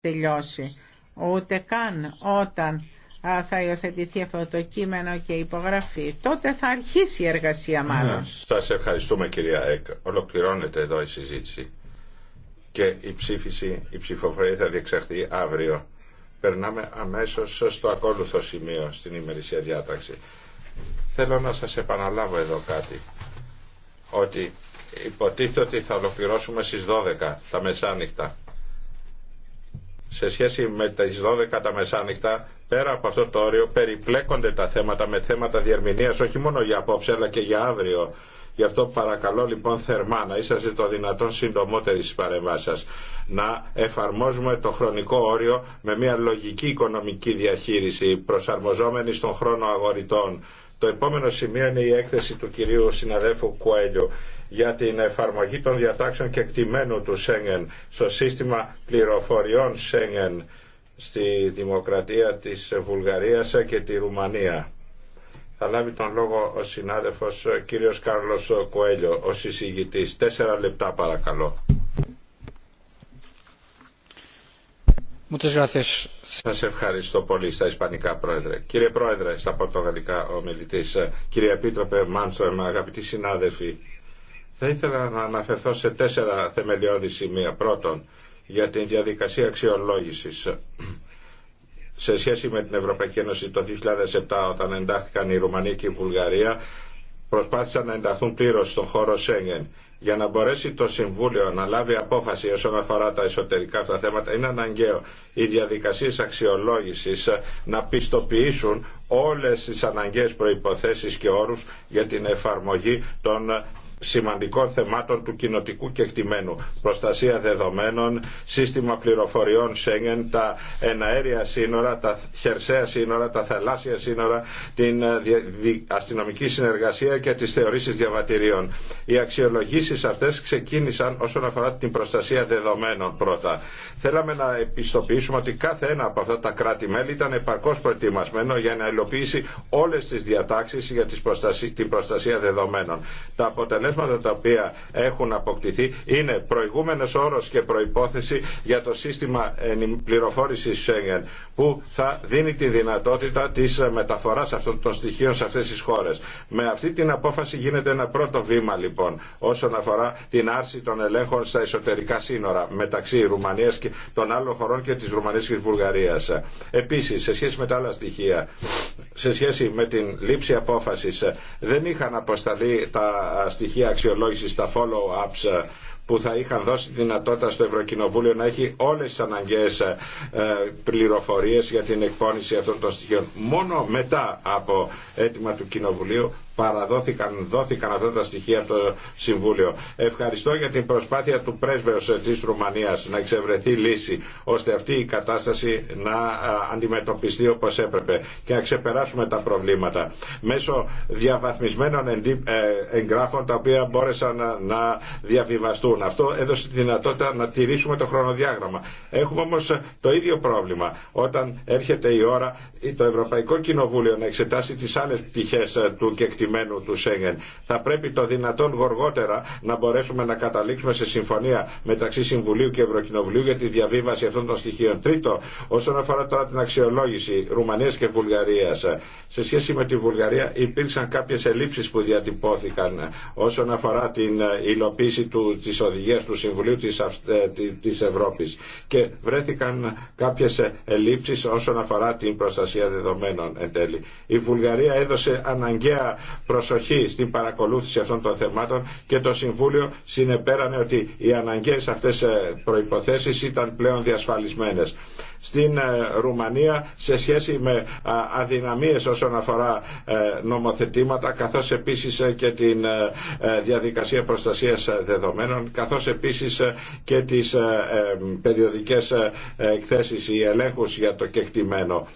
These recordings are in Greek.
τελειώσει. Ούτε καν όταν θα υιοθετηθεί αυτό το κείμενο και υπογραφή. Τότε θα αρχίσει η εργασία μάλλον. Σας ευχαριστούμε κυρία Εκ. Ολοκληρώνεται εδώ η συζήτηση και η ψήφιση, η ψηφοφορία θα διεξαχθεί αύριο. Περνάμε αμέσως στο ακόλουθο σημείο στην ημερησία διάταξη. Θέλω να σας επαναλάβω εδώ κάτι. Ότι υποτίθεται ότι θα ολοκληρώσουμε στις 12 τα μεσάνυχτα σε σχέση με τις 12 τα μεσάνυχτα πέρα από αυτό το όριο περιπλέκονται τα θέματα με θέματα διερμηνίας όχι μόνο για απόψε αλλά και για αύριο. Γι' αυτό παρακαλώ λοιπόν θερμά να είσαστε το δυνατόν συντομότερη στις παρεμβάσεις σας. Να εφαρμόζουμε το χρονικό όριο με μια λογική οικονομική διαχείριση προσαρμοζόμενη στον χρόνο αγορητών. Το επόμενο σημείο είναι η έκθεση του κυρίου συναδέλφου Κουέλιο για την εφαρμογή των διατάξεων και εκτιμένου του Σέγγεν στο σύστημα πληροφοριών Σέγγεν στη Δημοκρατία της Βουλγαρίας και τη Ρουμανία. Θα λάβει τον λόγο ο συνάδελφος κύριος Κάρλος Κοέλιο, ο συζητητής. Τέσσερα λεπτά παρακαλώ. Σα ευχαριστώ πολύ στα Ισπανικά, Πρόεδρε. Κύριε Πρόεδρε, στα Πορτογαλικά ο μιλητή, κύριε Επίτροπε Μάνστρομ, αγαπητοί συνάδελφοι, θα ήθελα να αναφερθώ σε τέσσερα θεμελιώδη σημεία. Πρώτον, για την διαδικασία αξιολόγησης σε σχέση με την Ευρωπαϊκή Ένωση το 2007 όταν εντάχθηκαν η Ρουμανία και η Βουλγαρία προσπάθησαν να ενταχθούν πλήρως στον χώρο Σέγγεν. Για να μπορέσει το Συμβούλιο να λάβει απόφαση όσον αφορά τα εσωτερικά αυτά θέματα είναι αναγκαίο οι διαδικασίε αξιολόγηση να πιστοποιήσουν όλες τις αναγκαίες προϋποθέσεις και όρους για την εφαρμογή των σημαντικών θεμάτων του κοινοτικού κεκτημένου. Προστασία δεδομένων, σύστημα πληροφοριών Σέγγεν, τα εναέρια σύνορα, τα χερσαία σύνορα, τα θαλάσσια σύνορα, την ε, αστυνομική συνεργασία και τις θεωρήσεις διαβατηρίων. Οι αξιολογήσεις αυτές ξεκίνησαν όσον αφορά την προστασία δεδομένων πρώτα. Θέλαμε να επιστοποιήσουμε ότι κάθε ένα από αυτά τα κράτη-μέλη ήταν επαρκώς προετοιμασμένο για να υλοποιήσει όλες τις διατάξεις για την προστασία δεδομένων. Τα αποτελέσματα τα οποία έχουν αποκτηθεί είναι προηγούμενος όρος και προϋπόθεση για το σύστημα πληροφόρησης Schengen που θα δίνει τη δυνατότητα της μεταφοράς αυτών των στοιχείων σε αυτές τις χώρες. Με αυτή την απόφαση γίνεται ένα πρώτο βήμα λοιπόν όσον αφορά την άρση των ελέγχων στα εσωτερικά σύνορα μεταξύ Ρουμανίας και των άλλων χωρών και της Ρουμανίας και της Βουλγαρίας. Επίσης, σε σχέση με τα άλλα στοιχεία σε σχέση με την λήψη απόφασης ε, δεν είχαν αποσταλεί τα ε, στοιχεία αξιολόγησης, τα follow-ups ε, που θα είχαν δώσει δυνατότητα στο Ευρωκοινοβούλιο να έχει όλες τις αναγκαίες ε, πληροφορίες για την εκπόνηση αυτών των στοιχείων. Μόνο μετά από αίτημα του Κοινοβουλίου παραδόθηκαν, δόθηκαν αυτά τα στοιχεία από το Συμβούλιο. Ευχαριστώ για την προσπάθεια του πρέσβεως ε, της Ρουμανίας να εξευρεθεί λύση, ώστε αυτή η κατάσταση να ε, αντιμετωπιστεί όπως έπρεπε και να ξεπεράσουμε τα προβλήματα. Μέσω διαβαθμισμένων εγγράφων τα οποία μπόρεσαν να διαβιβαστούν αυτό έδωσε τη δυνατότητα να τηρήσουμε το χρονοδιάγραμμα. Έχουμε όμω το ίδιο πρόβλημα. Όταν έρχεται η ώρα το Ευρωπαϊκό Κοινοβούλιο να εξετάσει τι άλλε πτυχέ ε, του κεκτημένου του Σέγγεν, θα πρέπει το δυνατόν γοργότερα να μπορέσουμε να καταλήξουμε σε συμφωνία μεταξύ Συμβουλίου και Ευρωκοινοβουλίου για τη διαβίβαση αυτών των στοιχείων. Τρίτο, όσον αφορά τώρα την αξιολόγηση Ρουμανία και Βουλγαρία. Ε, σε σχέση με τη Βουλγαρία υπήρξαν κάποιε ελλείψει που διατυπώθηκαν ε, όσον αφορά την υλοποίηση του, οδηγίας του Συμβουλίου της, ε, της Ευρώπης και βρέθηκαν κάποιες ελλείψεις όσον αφορά την προστασία δεδομένων εν τέλει. Η Βουλγαρία έδωσε αναγκαία προσοχή στην παρακολούθηση αυτών των θεμάτων και το Συμβούλιο συνεπέρανε ότι οι αναγκαίες αυτές ε, προϋποθέσεις ήταν πλέον διασφαλισμένες στην ε, Ρουμανία σε σχέση με αδυναμίες όσον αφορά ε, νομοθετήματα καθώς επίσης ε, και την διαδικασία προστασίας δεδομένων καθώς επίσης και τις περιοδικές εκθέσεις ή ελέγχους για το κεκτημένο.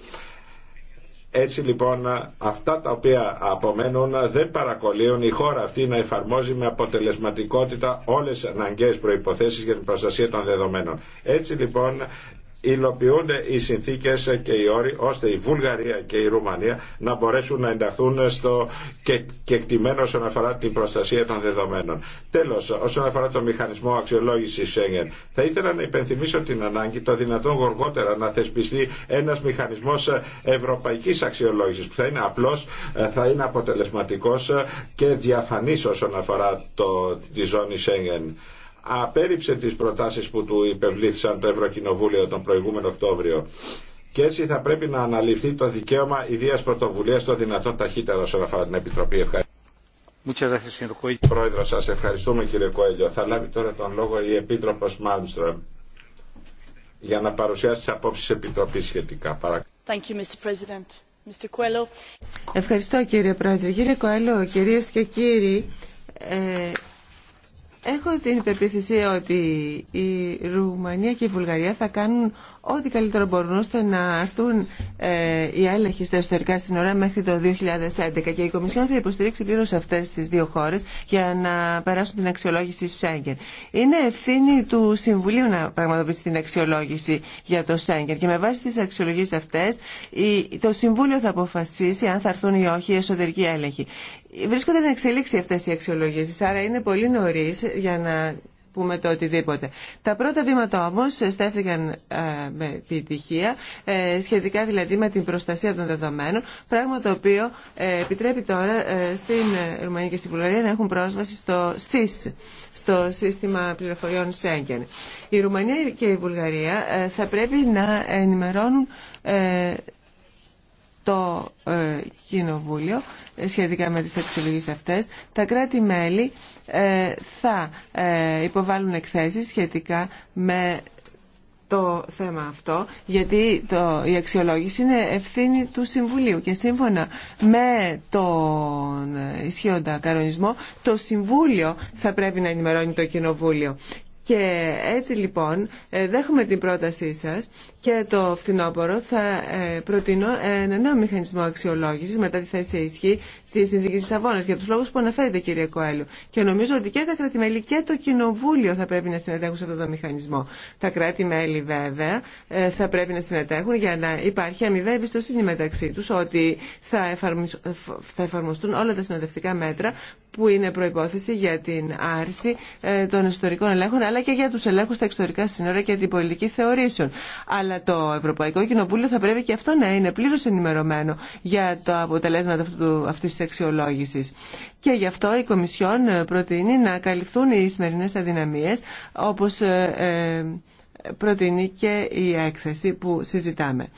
Έτσι λοιπόν αυτά τα οποία απομένουν δεν παρακολύουν η χώρα αυτή να εφαρμόζει με αποτελεσματικότητα όλες τις αναγκαίες προϋποθέσεις για την προστασία των δεδομένων. Έτσι λοιπόν υλοποιούνται οι συνθήκες και οι όροι ώστε η Βουλγαρία και η Ρουμανία να μπορέσουν να ενταχθούν στο κεκτημένο όσον αφορά την προστασία των δεδομένων. Τέλος, όσον αφορά το μηχανισμό αξιολόγησης Σέγγεν, θα ήθελα να υπενθυμίσω την ανάγκη το δυνατόν γοργότερα να θεσπιστεί ένας μηχανισμός ευρωπαϊκής αξιολόγησης που θα είναι απλός, θα είναι αποτελεσματικός και διαφανής όσον αφορά το, τη ζώνη Σέγγεν απέρριψε τις προτάσεις που του υπευλήθησαν το Ευρωκοινοβούλιο τον προηγούμενο Οκτώβριο. Και έτσι θα πρέπει να αναλυθεί το δικαίωμα ιδίας πρωτοβουλίας των δυνατόν ταχύτερα όσον αφορά την Επιτροπή. Ευχαριστώ. Πρόεδρο, σας ευχαριστούμε κύριε Κοέλιο. Θα λάβει τώρα τον λόγο η Επίτροπος Μάλμστρομ για να παρουσιάσει τις απόψεις της Επιτροπής σχετικά. Thank you, Mr. President. Mr. Ευχαριστώ κύριε Πρόεδρε. Κύριε Κοέλιο, κυρίες και κύριοι, ε, Έχω την υπεποίθηση ότι η Ρουμανία και η Βουλγαρία θα κάνουν ό,τι καλύτερο μπορούν ώστε να έρθουν ε, οι έλεγχοι στα εσωτερικά σύνορα μέχρι το 2011 και η Κομισιόν θα υποστηρίξει πλήρω αυτέ τι δύο χώρε για να περάσουν την αξιολόγηση Σέγγεν. Είναι ευθύνη του Συμβουλίου να πραγματοποιήσει την αξιολόγηση για το Σέγγεν και με βάση τι αξιολογήσει αυτέ το Συμβούλιο θα αποφασίσει αν θα έρθουν ή όχι οι εσωτερικοί έλεγχοι βρίσκονται να εξελίξει αυτέ οι αξιολογήσεις, άρα είναι πολύ νωρί για να πούμε το οτιδήποτε. Τα πρώτα βήματα όμως στέφθηκαν ε, με επιτυχία, ε, σχετικά δηλαδή με την προστασία των δεδομένων, πράγμα το οποίο ε, επιτρέπει τώρα στην Ρουμανία και στην Βουλγαρία να έχουν πρόσβαση στο ΣΥΣ, στο σύστημα πληροφοριών Σέγγεν. Η Ρουμανία και η Βουλγαρία θα πρέπει να ενημερώνουν το ε, Κοινοβούλιο ε, σχετικά με τις αξιολογίες αυτές. Τα κράτη-μέλη ε, θα υποβάλουν εκθέσεις σχετικά με το θέμα αυτό, γιατί το, η αξιολόγηση είναι ευθύνη του Συμβουλίου και σύμφωνα με τον ισχύοντα κανονισμό, το Συμβούλιο θα πρέπει να ενημερώνει το Κοινοβούλιο. Και έτσι λοιπόν ε, δέχομαι την πρότασή σας και το φθινόπωρο θα ε, προτείνω ε, ένα νέο μηχανισμό αξιολόγησης μετά τη θέση ισχύ τη συνθήκη τη Αβώνα για του λόγου που αναφέρεται κύριε Κοέλου. Και νομίζω ότι και τα κράτη-μέλη και το Κοινοβούλιο θα πρέπει να συμμετέχουν σε αυτό το μηχανισμό. Τα κράτη-μέλη, βέβαια, ε, θα πρέπει να συμμετέχουν για να υπάρχει αμοιβαία εμπιστοσύνη μεταξύ του ότι θα, θα εφαρμοστούν όλα τα συνοδευτικά μέτρα που είναι προπόθεση για την άρση ε, των ιστορικών ελέγχων, αλλά και για του ελέγχου στα εξωτερικά σύνορα και την πολιτική θεωρήσεων. Αλλά το Ευρωπαϊκό Κοινοβούλιο θα πρέπει και αυτό να είναι πλήρω ενημερωμένο για τα αποτελέσματα αυτή τη αξιολόγηση. Και γι' αυτό η Κομισιόν ε, προτείνει να καλυφθούν οι σημερινές αδυναμίες όπως ε, ε, προτείνει και η έκθεση που συζητάμε.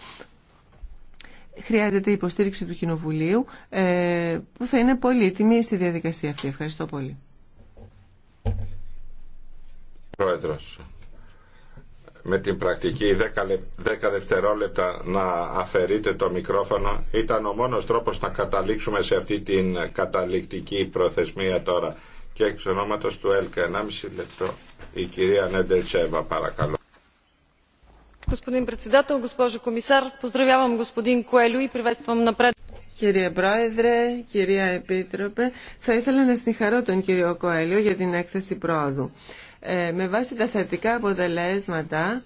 Χρειάζεται η υποστήριξη του Κοινοβουλίου που θα είναι πολύτιμη στη διαδικασία αυτή. Ευχαριστώ πολύ με την πρακτική 10 δευτερόλεπτα να αφαιρείτε το μικρόφωνο ήταν ο μόνος τρόπος να καταλήξουμε σε αυτή την καταληκτική προθεσμία τώρα. Και εξ ονόματος του ΕΛΚΑ 1,5 λεπτό η κυρία Νέντερτσέβα παρακαλώ. Κύριε Πρόεδρε, κυρία Επίτροπε, θα ήθελα να συγχαρώ τον κύριο Κοέλιο για την έκθεση πρόοδου. Ε, με βάση τα θετικά αποτελέσματα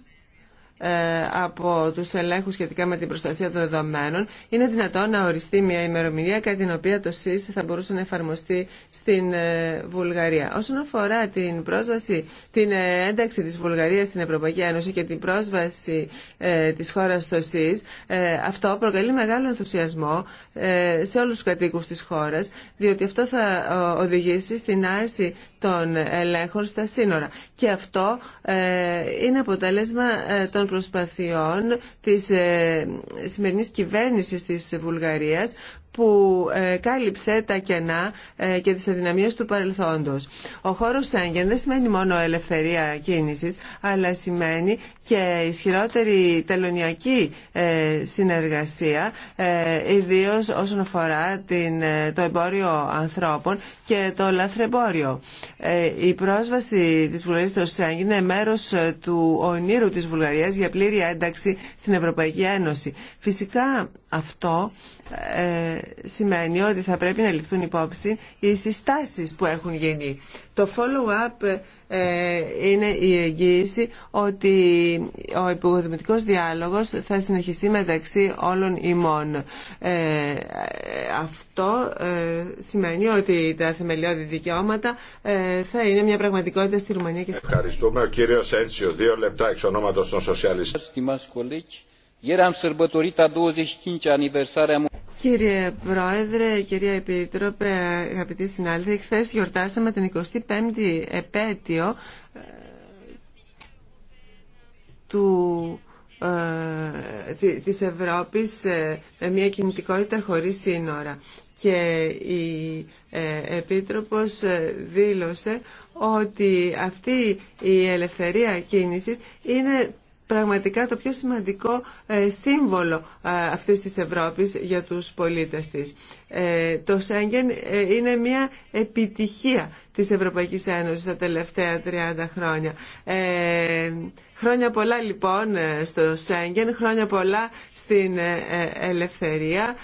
ε, από του ελέγχου σχετικά με την προστασία των δεδομένων, είναι δυνατό να οριστεί μια ημερομηνία κατά την οποία το ΣΥΣ θα μπορούσε να εφαρμοστεί στην ε, Βουλγαρία. Όσον αφορά την πρόσβαση, την ε, ένταξη τη Βουλγαρίας στην Ευρωπαϊκή Ένωση και την πρόσβαση τη χώρα στο ΣΥΣ, αυτό προκαλεί μεγάλο ενθουσιασμό σε όλου του κατοίκου τη χώρα, διότι αυτό θα οδηγήσει στην άρση των ελέγχων στα σύνορα. Και αυτό είναι αποτέλεσμα των προσπαθειών της ε, σημερινής κυβέρνησης της Βουλγαρίας που ε, κάλυψε τα κενά ε, και τις αδυναμίες του παρελθόντος. Ο χώρος Σέγγεν δεν σημαίνει μόνο ελευθερία κίνησης, αλλά σημαίνει και ισχυρότερη τελωνιακή ε, συνεργασία, ιδίως όσον αφορά το εμπόριο ανθρώπων και το λαθρεμπόριο. Η πρόσβαση της Βουλγαρίας στο Σέγγεν είναι μέρος του ονείρου της Βουλγαρίας για πλήρη ένταξη στην Ευρωπαϊκή Ένωση. Φυσικά αυτό ε, σημαίνει ότι θα πρέπει να ληφθούν υπόψη οι συστάσεις που έχουν γίνει. Το follow-up ε, είναι η εγγύηση ότι ο υποδομητικός διάλογος θα συνεχιστεί μεταξύ όλων ημών. Ε, αυτό σημαίνει ότι τα θεμελιώδη δικαιώματα θα είναι μια πραγματικότητα στη Ρουμανία και στην Ευχαριστούμε. Ο κύριος Ένσιο, δύο λεπτά εξ ονόματος των σοσιαλιστών. Κύριε Πρόεδρε, κυρία Επίτροπε, αγαπητοί συνάδελφοι, χθε γιορτάσαμε την 25η επέτειο ε, του ε, της Ευρώπης ε, με μια κινητικότητα χωρίς σύνορα. Και η Επίτροπος δήλωσε ότι αυτή η ελευθερία κίνησης είναι πραγματικά το πιο σημαντικό ε, σύμβολο ε, αυτής της Ευρώπης για τους πολίτες της. Ε, το Σέγγεν είναι μια επιτυχία της Ευρωπαϊκής Ένωσης τα τελευταία 30 χρόνια. Χρόνια πολλά λοιπόν στο Σέγγεν, χρόνια πολλά στην ελευθερία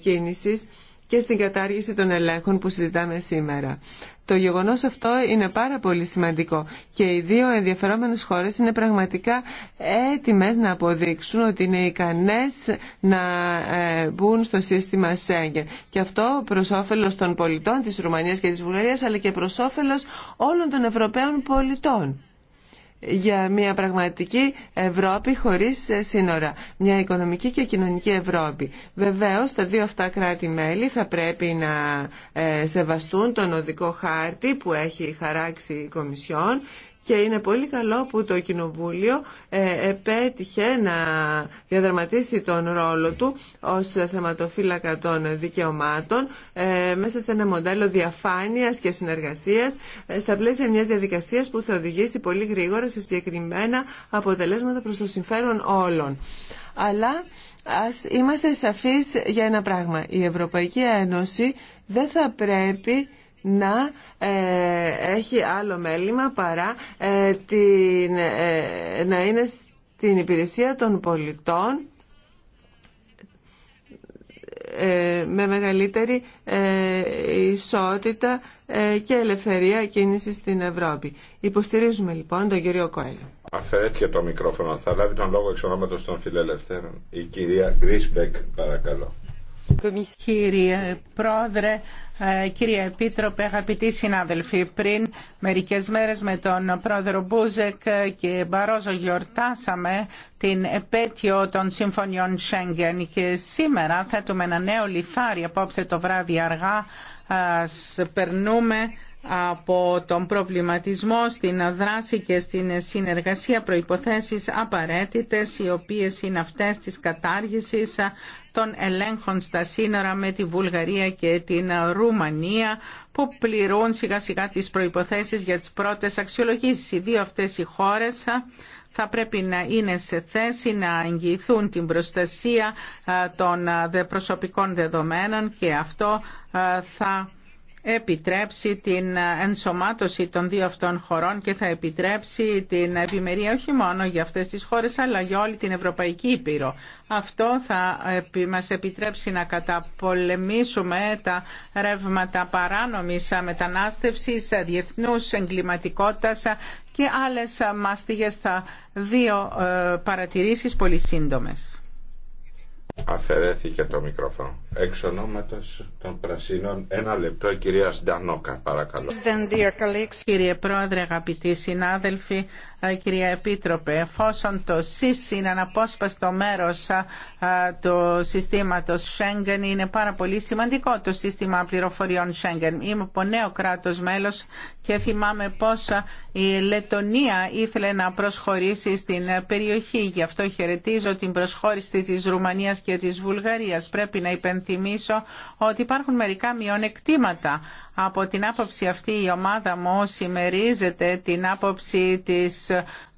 κίνησης και στην κατάργηση των ελέγχων που συζητάμε σήμερα. Το γεγονός αυτό είναι πάρα πολύ σημαντικό και οι δύο ενδιαφερόμενες χώρες είναι πραγματικά έτοιμες να αποδείξουν ότι είναι ικανές να ε, μπουν στο σύστημα Σέγγεν. Και αυτό προς όφελος των πολιτών της Ρουμανίας και της Βουλγαρίας αλλά και προς όφελος όλων των Ευρωπαίων πολιτών για μια πραγματική Ευρώπη χωρίς σύνορα. Μια οικονομική και κοινωνική Ευρώπη. Βεβαίως τα δύο αυτά κράτη-μέλη θα πρέπει να ε, σεβαστούν τον οδικό χάρτη που έχει χαράξει η Κομισιόν και είναι πολύ καλό που το Κοινοβούλιο ε, επέτυχε να διαδραματίσει τον ρόλο του ως θεματοφύλακα των δικαιωμάτων ε, μέσα σε ένα μοντέλο διαφάνειας και συνεργασίας ε, στα πλαίσια μιας διαδικασίας που θα οδηγήσει πολύ γρήγορα σε συγκεκριμένα αποτελέσματα προς το συμφέρον όλων. Αλλά ας είμαστε σαφείς για ένα πράγμα. Η Ευρωπαϊκή Ένωση δεν θα πρέπει να ε, έχει άλλο μέλημα παρά ε, την, ε, να είναι στην υπηρεσία των πολιτών με μεγαλύτερη ισότητα και ελευθερία κίνηση στην Ευρώπη. Υποστηρίζουμε λοιπόν τον κύριο Κόελιο. Αφαιρέθηκε το μικρόφωνο. Θα λάβει τον λόγο εξ ονόματος των φιλελευθέρων. Η κυρία Γκρίσμπεκ, παρακαλώ. Κύριε Πρόεδρε, ε, κύριε Επίτροπε, αγαπητοί συνάδελφοι, πριν μερικές μέρες με τον πρόεδρο Μπούζεκ και Μπαρόζο γιορτάσαμε την επέτειο των συμφωνιών Σέγγεν και σήμερα θέτουμε ένα νέο λιθάρι απόψε το βράδυ αργά περνούμε από τον προβληματισμό στην δράση και στην συνεργασία προϋποθέσεις απαραίτητες οι οποίες είναι αυτές της κατάργησης των ελέγχων στα σύνορα με τη Βουλγαρία και την Ρουμανία που πληρούν σιγά σιγά τις προϋποθέσεις για τις πρώτες αξιολογήσεις. Οι δύο αυτές οι χώρες θα πρέπει να είναι σε θέση να εγγυηθούν την προστασία ε, των ε, προσωπικών δεδομένων και αυτό ε, θα επιτρέψει την ενσωμάτωση των δύο αυτών χωρών και θα επιτρέψει την επιμερία όχι μόνο για αυτές τις χώρες αλλά για όλη την Ευρωπαϊκή Ήπειρο. Αυτό θα μας επιτρέψει να καταπολεμήσουμε τα ρεύματα παράνομης μετανάστευσης, διεθνούς εγκληματικότητας και άλλες μάστιγες θα δύο ε, παρατηρήσεις πολύ σύντομες. Αφαιρέθηκε το μικρόφωνο. Εξ ονόματος των Πρασίνων, ένα λεπτό η κυρία Σντανόκα, παρακαλώ. Κύριε Πρόεδρε, αγαπητοί συνάδελφοι, ε, κυρία Επίτροπε, εφόσον το ΣΥΣ είναι αναπόσπαστο μέρος ε, ε, του συστήματος Σέγγεν, είναι πάρα πολύ σημαντικό το σύστημα πληροφοριών Σέγγεν. Είμαι από νέο κράτος μέλος και θυμάμαι πώς η Λετωνία ήθελε να προσχωρήσει στην περιοχή. Γι' αυτό χαιρετίζω την προσχώρηση της Ρουμανίας και της Βουλγαρίας. Πρέπει να υπενθυμίσω ότι υπάρχουν μερικά μειονεκτήματα. Από την άποψη αυτή η ομάδα μου συμμερίζεται την άποψη της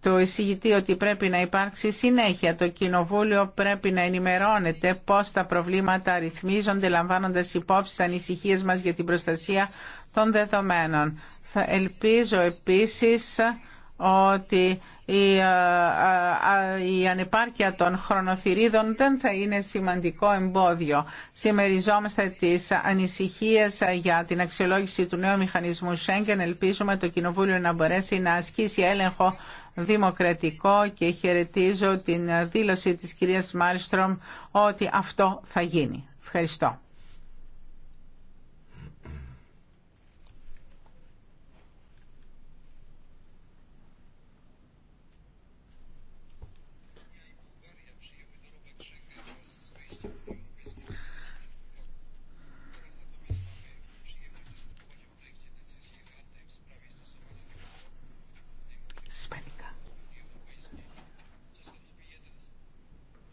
του εισηγητή ότι πρέπει να υπάρξει συνέχεια. Το Κοινοβούλιο πρέπει να ενημερώνεται πώς τα προβλήματα ρυθμίζονται λαμβάνοντας υπόψη τις ανησυχίες μας για την προστασία των δεδομένων. Θα ελπίζω επίσης ότι ε, ε, ε, η ανεπάρκεια των χρονοθυρίδων δεν θα είναι σημαντικό εμπόδιο. Σημεριζόμαστε τις ανησυχίες για την αξιολόγηση του νέου μηχανισμού Σέγγεν. Ελπίζουμε το Κοινοβούλιο να μπορέσει να ασκήσει έλεγχο δημοκρατικό και χαιρετίζω την δήλωση της κυρίας Μάλστρομ ότι αυτό θα γίνει. Ευχαριστώ.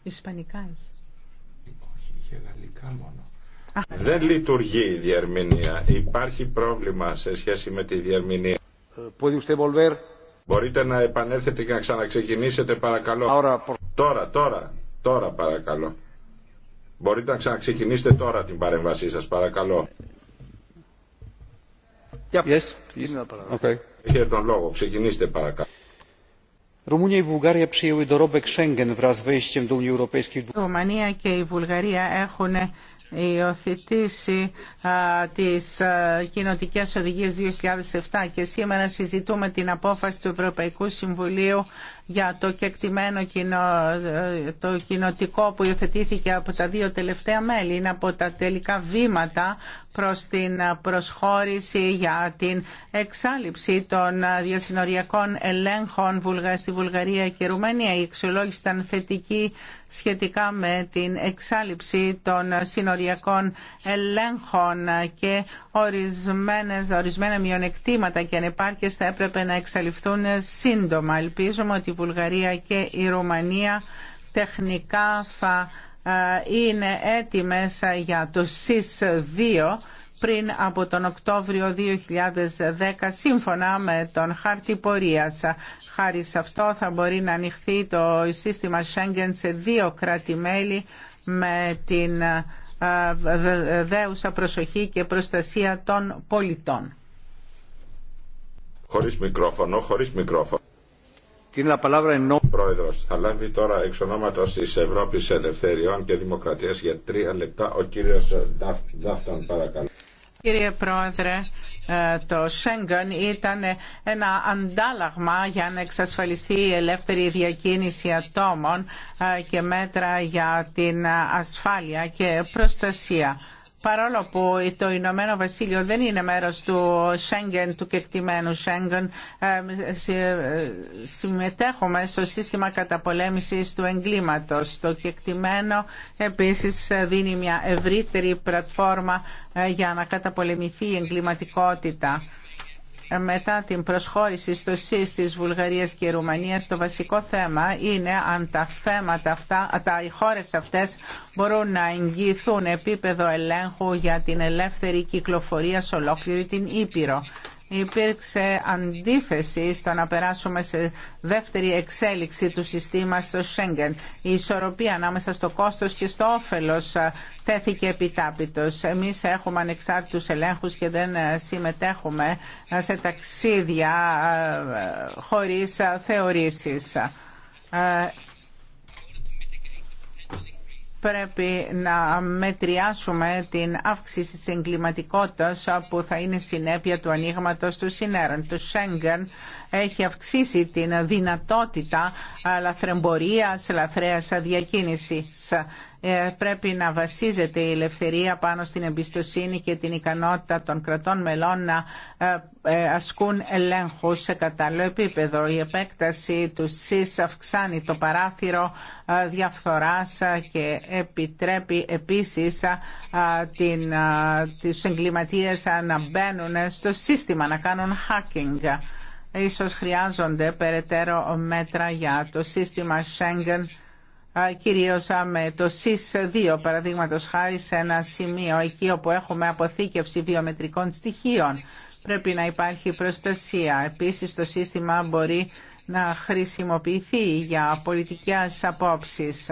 Ισπανικά έχει. Όχι, είχε γαλλικά μόνο. Δεν λειτουργεί η διερμηνία. Υπάρχει πρόβλημα σε σχέση με τη διερμηνία. Ε, Μπορείτε να επανέλθετε και να ξαναξεκινήσετε παρακαλώ. Τώρα, τώρα, τώρα παρακαλώ. Μπορείτε να ξαναξεκινήσετε τώρα την παρέμβασή σας παρακαλώ. Yes, yes. Okay. Έχετε τον λόγο. Ξεκινήστε παρακαλώ. Ρωμανία και η Βουλγαρία έχουν υιοθετήσει τις κοινοτικές οδηγίες 2007 και σήμερα συζητούμε την απόφαση του Ευρωπαϊκού Συμβουλίου για το κεκτημένο κοινο, ε, το κοινοτικό που υιοθετήθηκε από τα δύο τελευταία μέλη. Είναι από τα τελικά βήματα προς την προσχώρηση για την εξάλληψη των διασυνοριακών ελέγχων στη Βουλγαρία και Ρουμανία. Η εξολόγηση ήταν θετική σχετικά με την εξάλληψη των συνοριακών ελέγχων και ορισμένες, ορισμένα μειονεκτήματα και ανεπάρκειες θα έπρεπε να εξαλειφθούν σύντομα. Ελπίζουμε ότι η Βουλγαρία και η Ρουμανία τεχνικά θα ε, είναι έτοιμες για το ΣΥΣ 2 πριν από τον Οκτώβριο 2010 σύμφωνα με τον χάρτη πορείας. Χάρη σε αυτό θα μπορεί να ανοιχθεί το σύστημα Schengen σε δύο κράτη-μέλη με την ε, δέουσα προσοχή και προστασία των πολιτών. Χωρίς μικρόφωνο, χωρίς μικρόφωνο. Την Πρόεδρος, θα λάβει τώρα εξ ονόματος της Ευρώπης Ελευθεριών και Δημοκρατίας για τρία λεπτά ο κύριος Δάφτον, παρακαλώ. Κύριε Πρόεδρε, ε, το Σέγγεν ήταν ένα αντάλλαγμα για να εξασφαλιστεί η ελεύθερη διακίνηση ατόμων ε, και μέτρα για την ασφάλεια και προστασία παρόλο που το Ηνωμένο Βασίλειο δεν είναι μέρος του Σέγγεν, του κεκτημένου Σέγγεν, ε, συμμετέχουμε στο σύστημα καταπολέμησης του εγκλήματος. Το κεκτημένο επίσης δίνει μια ευρύτερη πλατφόρμα ε, για να καταπολεμηθεί η εγκληματικότητα μετά την προσχώρηση στο ΣΥΣ της Βουλγαρίας και Ρουμανίας το βασικό θέμα είναι αν τα θέματα αυτά, τα, οι χώρες αυτές μπορούν να εγγυηθούν επίπεδο ελέγχου για την ελεύθερη κυκλοφορία σε ολόκληρη την Ήπειρο υπήρξε αντίθεση στο να περάσουμε σε δεύτερη εξέλιξη του συστήματος στο Σέγγεν. Η ισορροπία ανάμεσα στο κόστος και στο όφελος ε, τέθηκε επιτάπητος. Εμείς έχουμε ανεξάρτητους ελέγχους και δεν ε, συμμετέχουμε ε, σε ταξίδια χωρίς θεωρήσεις πρέπει να μετριάσουμε την αύξηση της εγκληματικότητας που θα είναι συνέπεια του ανοίγματο του συνέρων. Το Σέγγεν έχει αυξήσει την δυνατότητα λαθρεμπορίας, λαθρέας διακίνησης. Ε, πρέπει να βασίζεται η ελευθερία πάνω στην εμπιστοσύνη και την ικανότητα των κρατών μελών να ε, ε, ασκούν ελέγχου σε κατάλληλο επίπεδο. Η επέκταση του ΣΥΣ αυξάνει το παράθυρο διαφθοράς και επιτρέπει επίσης την, εγκληματίε να μπαίνουν στο σύστημα, να κάνουν hacking. Ίσως χρειάζονται περαιτέρω μέτρα για το σύστημα Schengen κυρίως με το ΣΥΣ2 παραδείγματος χάρη σε ένα σημείο εκεί όπου έχουμε αποθήκευση βιομετρικών στοιχείων. Πρέπει να υπάρχει προστασία. Επίσης το σύστημα μπορεί να χρησιμοποιηθεί για πολιτικές απόψεις.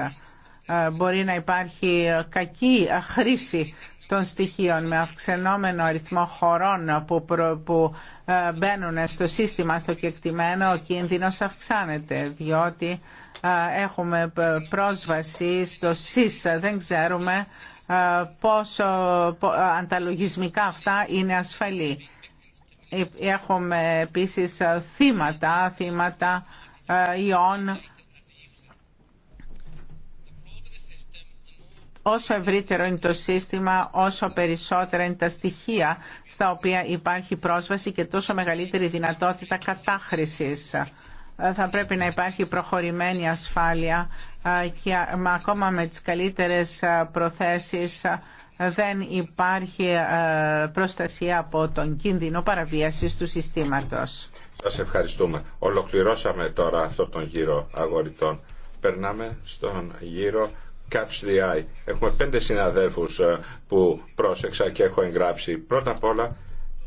Μπορεί να υπάρχει κακή χρήση των στοιχείων με αυξανόμενο αριθμό χωρών που, που μπαίνουν στο σύστημα, στο κεκτημένο, ο κίνδυνος αυξάνεται, διότι έχουμε πρόσβαση στο ΣΥΣ. Δεν ξέρουμε πόσο ανταλογισμικά αυτά είναι ασφαλή. Ε, έχουμε επίσης θύματα, θύματα ιών. Όσο ευρύτερο είναι το σύστημα, όσο περισσότερα είναι τα στοιχεία στα οποία υπάρχει πρόσβαση και τόσο μεγαλύτερη δυνατότητα κατάχρησης θα πρέπει να υπάρχει προχωρημένη ασφάλεια και ακόμα με τις καλύτερες προθέσεις δεν υπάρχει προστασία από τον κίνδυνο παραβίασης του συστήματος. Σας ευχαριστούμε. Ολοκληρώσαμε τώρα αυτόν τον γύρο αγοριτών. Περνάμε στον γύρο Catch the Eye. Έχουμε πέντε συναδέλφους που πρόσεξα και έχω εγγράψει. Πρώτα απ' όλα,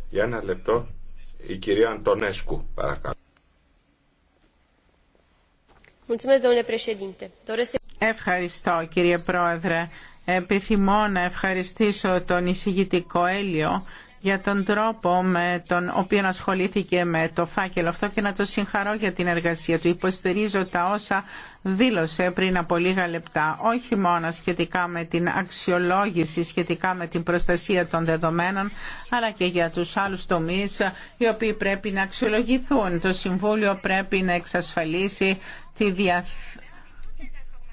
για ένα λεπτό, η κυρία Αντωνέσκου, παρακαλώ. Ευχαριστώ κύριε Πρόεδρε. Επιθυμώ να ευχαριστήσω τον εισηγητικό Έλιο για τον τρόπο με τον οποίο ασχολήθηκε με το φάκελο αυτό και να το συγχαρώ για την εργασία του. Υποστηρίζω τα όσα δήλωσε πριν από λίγα λεπτά, όχι μόνο σχετικά με την αξιολόγηση, σχετικά με την προστασία των δεδομένων, αλλά και για τους άλλους τομείς οι οποίοι πρέπει να αξιολογηθούν. Το Συμβούλιο πρέπει να εξασφαλίσει τη διαθέτηση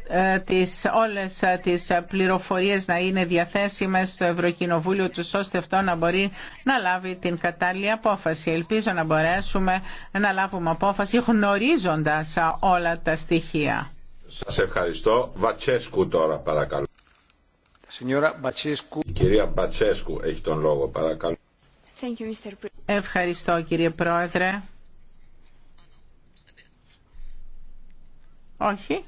ε, τις, όλες ε, τις πληροφορίες να είναι διαθέσιμες στο Ευρωκοινοβούλιο του ώστε αυτό να μπορεί να λάβει την κατάλληλη απόφαση. Ελπίζω να μπορέσουμε να λάβουμε απόφαση γνωρίζοντας ε, όλα τα στοιχεία. Σας ευχαριστώ. Βατσέσκου τώρα παρακαλώ. Η κυρία Μπατσέσκου έχει τον λόγο παρακαλώ. Ευχαριστώ κύριε Πρόεδρε. Όχι.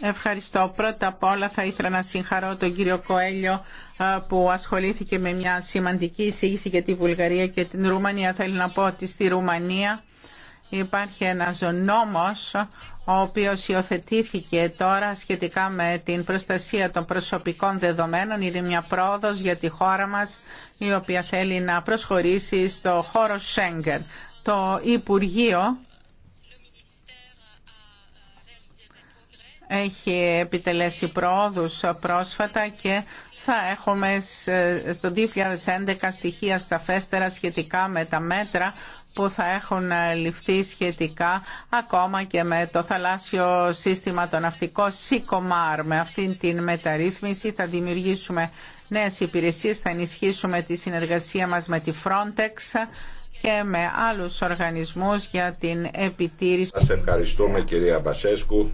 Ευχαριστώ. Πρώτα απ' όλα θα ήθελα να συγχαρώ τον κύριο Κοέλιο ε, που ασχολήθηκε με μια σημαντική εισήγηση για τη Βουλγαρία και την Ρουμανία. Θέλω να πω ότι στη Ρουμανία υπάρχει ένας νόμος ο οποίος υιοθετήθηκε τώρα σχετικά με την προστασία των προσωπικών δεδομένων. Είναι μια πρόοδος για τη χώρα μας η οποία θέλει να προσχωρήσει στο χώρο Σέγγεν. Το Υπουργείο έχει επιτελέσει πρόοδους πρόσφατα και θα έχουμε στο 2011 στοιχεία στα φέστερα σχετικά με τα μέτρα που θα έχουν ληφθεί σχετικά ακόμα και με το θαλάσσιο σύστημα το ναυτικό ΣΥΚΟΜΑΡ. Με αυτήν την μεταρρύθμιση θα δημιουργήσουμε νέες υπηρεσίες, θα ενισχύσουμε τη συνεργασία μας με τη Frontex και με άλλους οργανισμούς για την επιτήρηση. Σας ευχαριστούμε κυρία Μπασέσκου.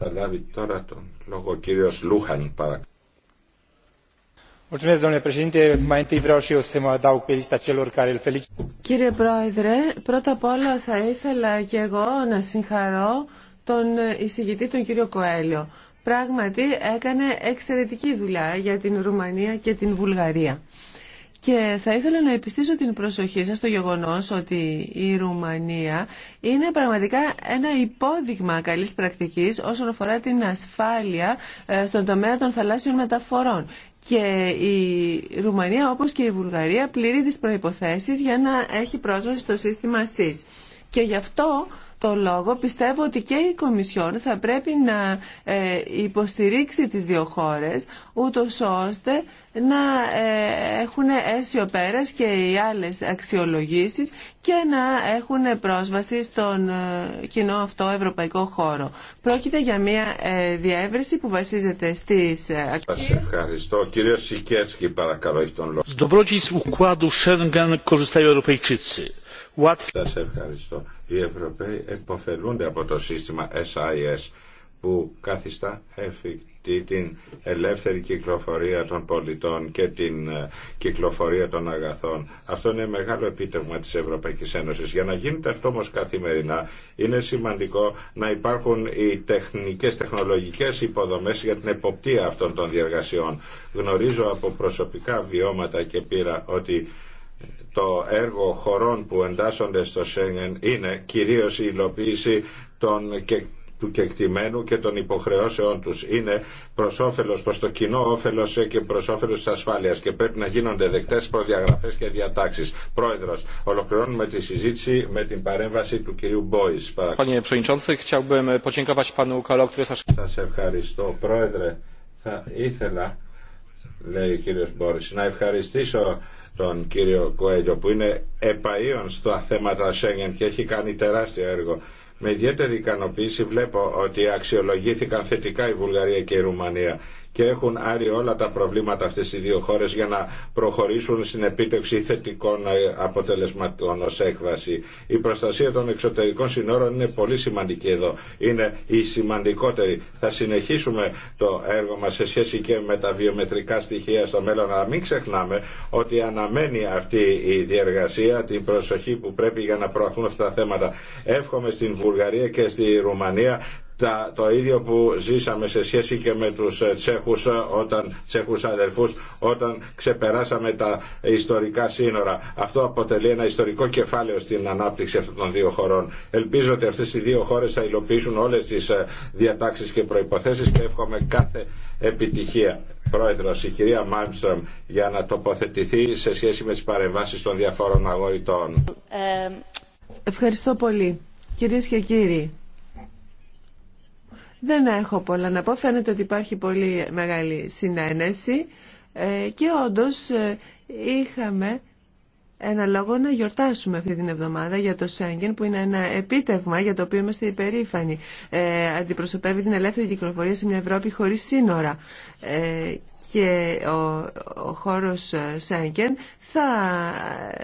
Θα λάβει τώρα τον λόγο ο κύριος Λούχαν Κύριε Πρόεδρε, πρώτα απ' όλα θα ήθελα και εγώ να συγχαρώ τον εισηγητή τον κύριο Κοέλιο. Πράγματι έκανε εξαιρετική δουλειά για την Ρουμανία και την Βουλγαρία. Και θα ήθελα να επιστήσω την προσοχή σας στο γεγονός ότι η Ρουμανία είναι πραγματικά ένα υπόδειγμα καλής πρακτικής όσον αφορά την ασφάλεια ε, στον τομέα των θαλάσσιων μεταφορών. Και η Ρουμανία όπως και η Βουλγαρία πληρεί τις προϋποθέσεις για να έχει πρόσβαση στο σύστημα ΣΥΣ. Και γι' αυτό το λόγο πιστεύω ότι και η Κομισιόν θα πρέπει να ε, υποστηρίξει τις δύο χώρες ούτως ώστε να ε, έχουν αίσιο πέρας και οι άλλες αξιολογήσεις και να έχουν πρόσβαση στον ε, κοινό αυτό ευρωπαϊκό χώρο. Πρόκειται για μια διεύρυνση που βασίζεται στις... Σας ευχαριστώ. Κύριο Σικέσκη, παρακαλώ έχει τον λόγο. What... Σας ευχαριστώ. Οι Ευρωπαίοι εποφελούνται από το σύστημα SIS που καθιστά εφικτή την ελεύθερη κυκλοφορία των πολιτών και την ε, κυκλοφορία των αγαθών. Αυτό είναι μεγάλο επίτευγμα της Ευρωπαϊκής Ένωσης. Για να γίνεται αυτό όμως καθημερινά είναι σημαντικό να υπάρχουν οι τεχνικές, τεχνολογικές υποδομές για την εποπτεία αυτών των διεργασιών. Γνωρίζω από προσωπικά βιώματα και πείρα ότι το έργο χωρών που εντάσσονται στο Σέγγεν είναι κυρίως η υλοποίηση των και του κεκτημένου και των υποχρεώσεών τους. Είναι προς όφελος, προς το κοινό όφελος ε, και προς όφελος της ασφάλειας και πρέπει να γίνονται δεκτές προδιαγραφές και διατάξεις. Πρόεδρος, ολοκληρώνουμε τη συζήτηση με την παρέμβαση του κυρίου Μπόης. Σας ευχαριστώ, Πρόεδρε. Θα ήθελα, λέει ο κύριος Μπόρης, να ευχαριστήσω τον κύριο Κοέλιο που είναι επαΐων στα θέματα Σέγγεν και έχει κάνει τεράστιο έργο. Με ιδιαίτερη ικανοποίηση βλέπω ότι αξιολογήθηκαν θετικά η Βουλγαρία και η Ρουμανία και έχουν άρει όλα τα προβλήματα αυτές οι δύο χώρες για να προχωρήσουν στην επίτευξη θετικών ε, αποτελεσματών ως έκβαση. Η προστασία των εξωτερικών συνόρων είναι πολύ σημαντική εδώ. Είναι η σημαντικότερη. Θα συνεχίσουμε το έργο μας σε σχέση και με τα βιομετρικά στοιχεία στο μέλλον, αλλά μην ξεχνάμε ότι αναμένει αυτή η διεργασία την προσοχή που πρέπει για να προαχθούν αυτά τα θέματα. Εύχομαι στην Βουλγαρία και στη Ρουμανία το ίδιο που ζήσαμε σε σχέση και με τους ε, Τσέχους, ε, όταν, Τσέχους αδερφούς όταν ξεπεράσαμε τα ιστορικά σύνορα. Αυτό αποτελεί ένα ιστορικό κεφάλαιο στην ανάπτυξη αυτών των δύο χωρών. Ελπίζω ότι αυτές οι δύο χώρες θα υλοποιήσουν όλες τις ε, διατάξεις και προϋποθέσεις και εύχομαι κάθε επιτυχία. Πρόεδρος, η κυρία Μάλμστρομ για να τοποθετηθεί σε σχέση με τις παρεμβάσεις των διαφόρων αγοριτών. Ευχαριστώ πολύ. Κυρίες και κύριοι, δεν έχω πολλά να πω. Φαίνεται ότι υπάρχει πολύ μεγάλη συνένεση ε, και όντως ε, είχαμε ένα λόγο να γιορτάσουμε αυτή την εβδομάδα για το Σέγγεν που είναι ένα επίτευγμα για το οποίο είμαστε υπερήφανοι. Ε, αντιπροσωπεύει την ελεύθερη κυκλοφορία σε μια Ευρώπη χωρίς σύνορα. Ε, και ο, ο χώρος ε, Σέγγεν θα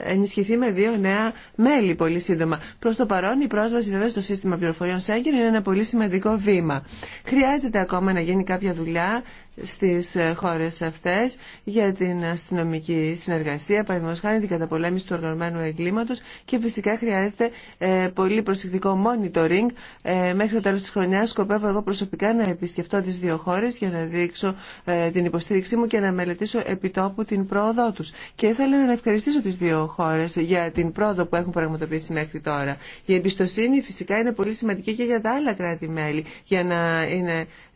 ενισχυθεί με δύο νέα μέλη πολύ σύντομα. Προς το παρόν η πρόσβαση βέβαια στο σύστημα πληροφοριών Σέγγεν είναι ένα πολύ σημαντικό βήμα. Χρειάζεται ακόμα να γίνει κάποια δουλειά στις ε, χώρες αυτές για την αστυνομική συνεργασία, παραδείγματος χάρη την καταπολέμηση του οργανωμένου εγκλήματος και φυσικά χρειάζεται ε, πολύ προσεκτικό monitoring. Ε, μέχρι το τέλος της χρονιάς σκοπεύω εγώ προσωπικά να επισκεφτώ τις δύο χώρες για να δείξω την υποστήριξή μου και να μελετήσω επιτόπου την πρόοδό τους. Και θέλω να ευχαριστήσω τις δύο χώρες για την πρόοδο που έχουν πραγματοποιήσει μέχρι τώρα. Η εμπιστοσύνη φυσικά είναι πολύ σημαντική και για τα άλλα κράτη-μέλη για να,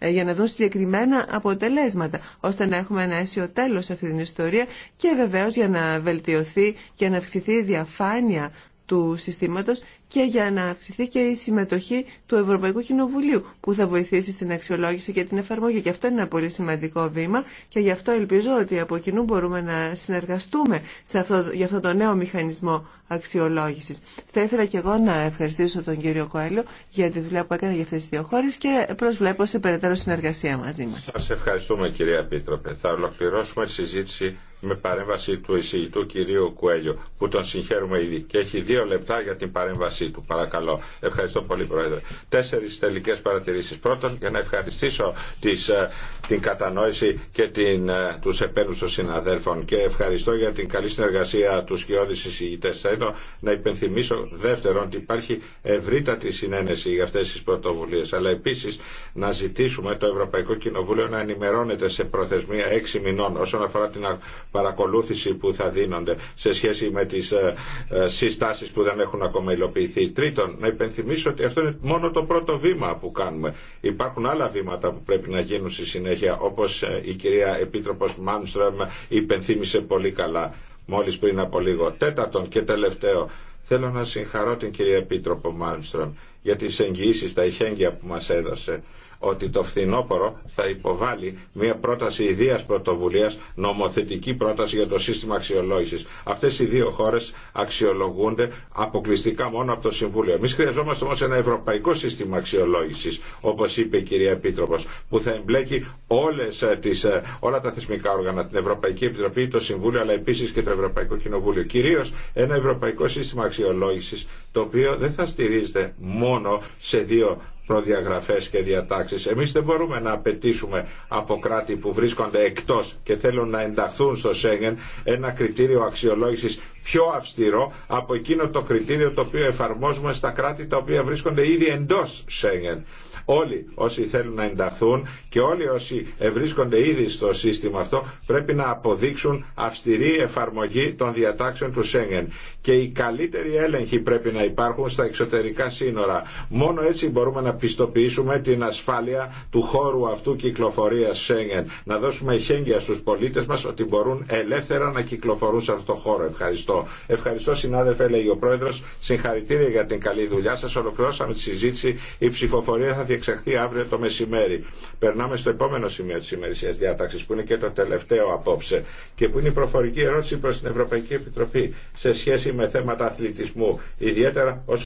για να δουν συγκεκριμένα αποτέλεσμα αποτελέσματα, ώστε να έχουμε ένα αίσιο τέλος σε αυτή την ιστορία και βεβαίως για να βελτιωθεί και να αυξηθεί η διαφάνεια του συστήματος και για να αυξηθεί και η συμμετοχή του Ευρωπαϊκού Κοινοβουλίου που θα βοηθήσει στην αξιολόγηση και την εφαρμογή. Και αυτό είναι ένα πολύ σημαντικό βήμα και γι' αυτό ελπίζω ότι από κοινού μπορούμε να συνεργαστούμε σε αυτό, για αυτό το νέο μηχανισμό αξιολόγηση. Θα ήθελα και εγώ να ευχαριστήσω τον κύριο Κοέλιο για τη δουλειά που έκανε για αυτέ τι δύο χώρε και προσβλέπω σε περαιτέρω συνεργασία μαζί μα. Σα ευχαριστούμε κυρία Επίτροπε. Θα ολοκληρώσουμε τη συζήτηση με παρέμβαση του εισηγητού κυρίου Κουέλιο, που τον συγχαίρουμε ήδη και έχει δύο λεπτά για την παρέμβασή του. Παρακαλώ. Ευχαριστώ πολύ, Πρόεδρε. Τέσσερι τελικέ παρατηρήσει. Πρώτον, για να ευχαριστήσω τις, ε, την κατανόηση και την, ε, τους των συναδέλφων και ευχαριστώ για την καλή συνεργασία του σκιώδης εισηγητές. Θα ήθελα να υπενθυμίσω δεύτερον ότι υπάρχει ευρύτατη συνένεση για αυτές τις πρωτοβουλίε. αλλά επίση να ζητήσουμε το Ευρωπαϊκό Κοινοβούλιο να ενημερώνεται σε προθεσμία έξι μηνών όσον αφορά την παρακολούθηση που θα δίνονται σε σχέση με τις ε, ε, συστάσεις που δεν έχουν ακόμα υλοποιηθεί. Τρίτον, να υπενθυμίσω ότι αυτό είναι μόνο το πρώτο βήμα που κάνουμε. Υπάρχουν άλλα βήματα που πρέπει να γίνουν στη συνέχεια, όπως ε, η κυρία Επίτροπος Μάνστρομ υπενθύμησε πολύ καλά μόλις πριν από λίγο. Τέταρτον και τελευταίο, θέλω να συγχαρώ την κυρία Επίτροπο Μάνστρομ για τι εγγυήσει, τα ηχέγγυα που μα έδωσε ότι το φθινόπωρο θα υποβάλει μια πρόταση ιδίας πρωτοβουλία, νομοθετική πρόταση για το σύστημα αξιολόγηση. Αυτέ οι δύο χώρε αξιολογούνται αποκλειστικά μόνο από το Συμβούλιο. Εμεί χρειαζόμαστε όμω ένα ευρωπαϊκό σύστημα αξιολόγηση, όπω είπε η κυρία Επίτροπο, που θα εμπλέκει όλες ε, τις, ε, όλα τα θεσμικά όργανα, την Ευρωπαϊκή Επιτροπή, το Συμβούλιο, αλλά επίση και το Ευρωπαϊκό Κοινοβούλιο. Κυρίω ένα ευρωπαϊκό σύστημα αξιολόγηση, το οποίο δεν θα στηρίζεται μόνο σε δύο προδιαγραφές και διατάξεις. Εμείς δεν μπορούμε να απαιτήσουμε από κράτη που βρίσκονται εκτός και θέλουν να ενταχθούν στο Σέγγεν ένα κριτήριο αξιολόγησης πιο αυστηρό από εκείνο το κριτήριο το οποίο εφαρμόζουμε στα κράτη τα οποία βρίσκονται ήδη εντός Σέγγεν όλοι όσοι θέλουν να ενταχθούν και όλοι όσοι βρίσκονται ήδη στο σύστημα αυτό πρέπει να αποδείξουν αυστηρή εφαρμογή των διατάξεων του Σέγγεν. Και οι καλύτεροι έλεγχοι πρέπει να υπάρχουν στα εξωτερικά σύνορα. Μόνο έτσι μπορούμε να πιστοποιήσουμε την ασφάλεια του χώρου αυτού κυκλοφορία Σέγγεν. Να δώσουμε χέγγια στου πολίτε μα ότι μπορούν ελεύθερα να κυκλοφορούν σε αυτό το χώρο. Ευχαριστώ. Ευχαριστώ συνάδελφε, λέει ο πρόεδρο. Συγχαρητήρια για την καλή δουλειά σα. Ολοκληρώσαμε τη συζήτηση. Η ψηφοφορία θα διεξαχθεί αύριο το μεσημέρι. Περνάμε στο επόμενο σημείο της ημερησίας διάταξης που είναι και το τελευταίο απόψε και που είναι η προφορική ερώτηση προς την Ευρωπαϊκή Επιτροπή σε σχέση με θέματα αθλητισμού, ιδιαίτερα